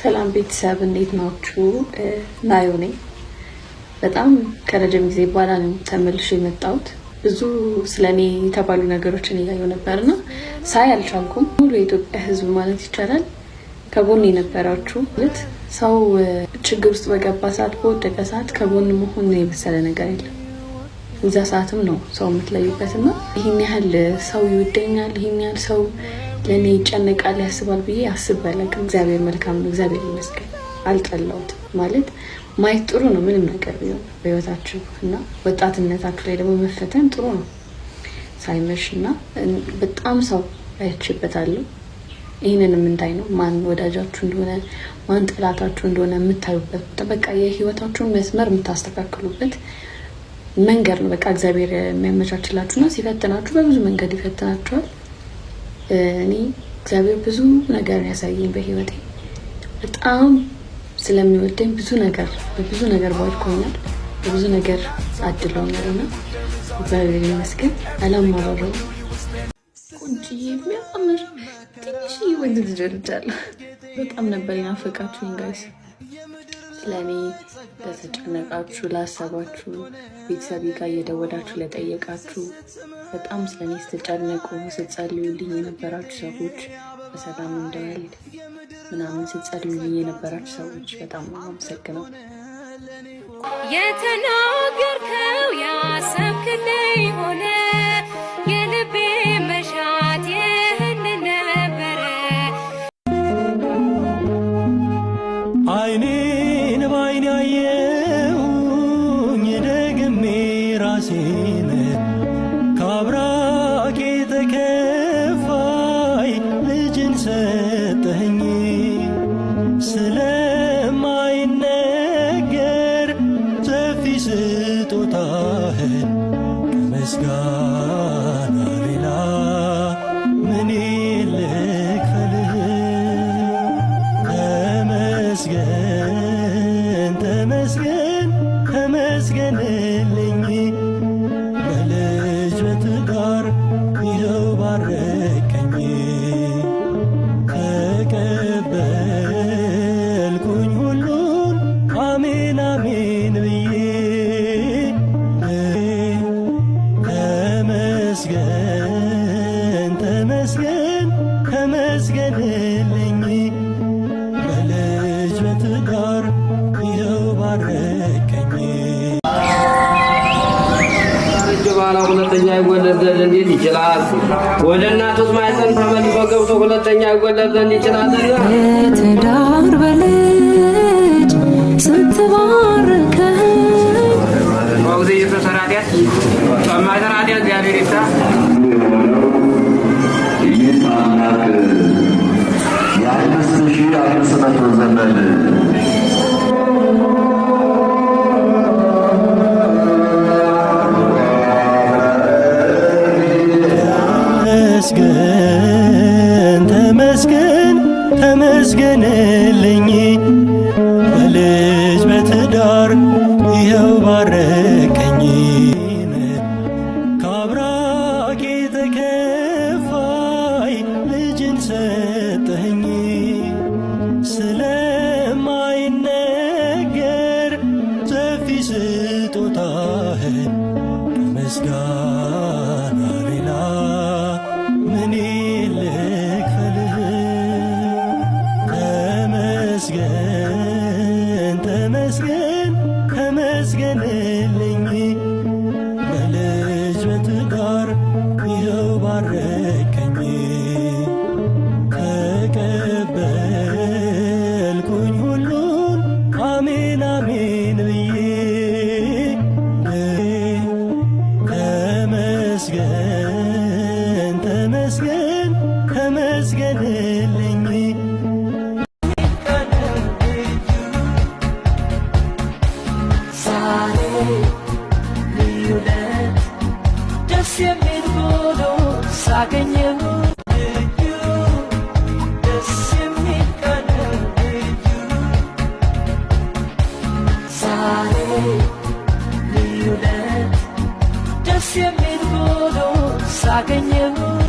ሰላም ቤተሰብ እንዴት ናችሁ? ናዮ ነኝ። በጣም ከረጅም ጊዜ በኋላ ነው ተመልሼ የመጣሁት። ብዙ ስለ እኔ የተባሉ ነገሮችን እያየሁ ነበር እና ሳይ አልቻልኩም። ሙሉ የኢትዮጵያ ሕዝብ ማለት ይቻላል ከጎን የነበራችሁ ማለት ሰው ችግር ውስጥ በገባ ሰዓት፣ በወደቀ ሰዓት ከጎን መሆን የመሰለ ነገር የለም። እዛ ሰዓትም ነው ሰው የምትለዩበት እና ይህን ያህል ሰው ይወደኛል፣ ይህን ያህል ሰው ለእኔ ይጨነቃል ያስባል ብዬ አስቤ አላውቅም። እግዚአብሔር መልካም ነው። እግዚአብሔር ይመስገን። አልጠላውት ማለት ማየት ጥሩ ነው። ምንም ነገር ቢሆን በህይወታችሁ እና ወጣትነታችሁ ላይ ደግሞ መፈተን ጥሩ ነው። ሳይመሽ እና በጣም ሰው አይችበታለሁ። ይህንን የምንታይ ነው ማን ወዳጃችሁ እንደሆነ ማን ጥላታችሁ እንደሆነ የምታዩበት በቃ የህይወታችሁን መስመር የምታስተካክሉበት መንገድ ነው። በቃ እግዚአብሔር የሚያመቻችላችሁ እና ሲፈትናችሁ በብዙ መንገድ ይፈትናችኋል። እኔ እግዚአብሔር ብዙ ነገር ያሳየኝ በህይወቴ በጣም ስለሚወደኝ ብዙ ነገር በብዙ ነገር ባልኮኛል በብዙ ነገር አድለውኛል እና እግዚአብሔር ይመስገን አላማረረው ቆንጅዬ የሚያምር ትንሽ ወንድ ልጅ ወልጃለሁ በጣም ነበር ናፈቃችሁን ጋይስ ለእኔ ለተጨነቃችሁ፣ ላሰባችሁ፣ ቤተሰቤ ጋር እየደወላችሁ ለጠየቃችሁ፣ በጣም ስለእኔ ስትጨነቁ ስትጸልዩልኝ የነበራችሁ ሰዎች በሰላም እንደዋልድ ምናምን ስትጸልዩልኝ የነበራችሁ ሰዎች በጣም አመሰግነው። ነፍሴን ካብራኬ ተከፋይ ልጅን ሰጠኝ ስለማይነገር ሰፊ ስጦታህ ከምስጋ ተመስገንልኝ በልጅ በትዳር ይኸው ባረከኝ። በኋላ ሁለተኛ ይወለድ ዘንድ እንዴት ይችላል? ወደ እናቱ ማኅፀን ተመልሶ ገብቶ ሁለተኛ ይወለድ ዘንድ ይችላል? ግን ተመስገንልኝ በልጅ በትዳር ይኸው ባረከኝ ካብራኬ ተከፋይ ልጅን ሰጠኝ ስለማይነገር ሰፊ ስጦታህ ምስጋና ተመስገን ተመስገንልኝ ደስ የሚል ሆኖ ሳገኘው Sagan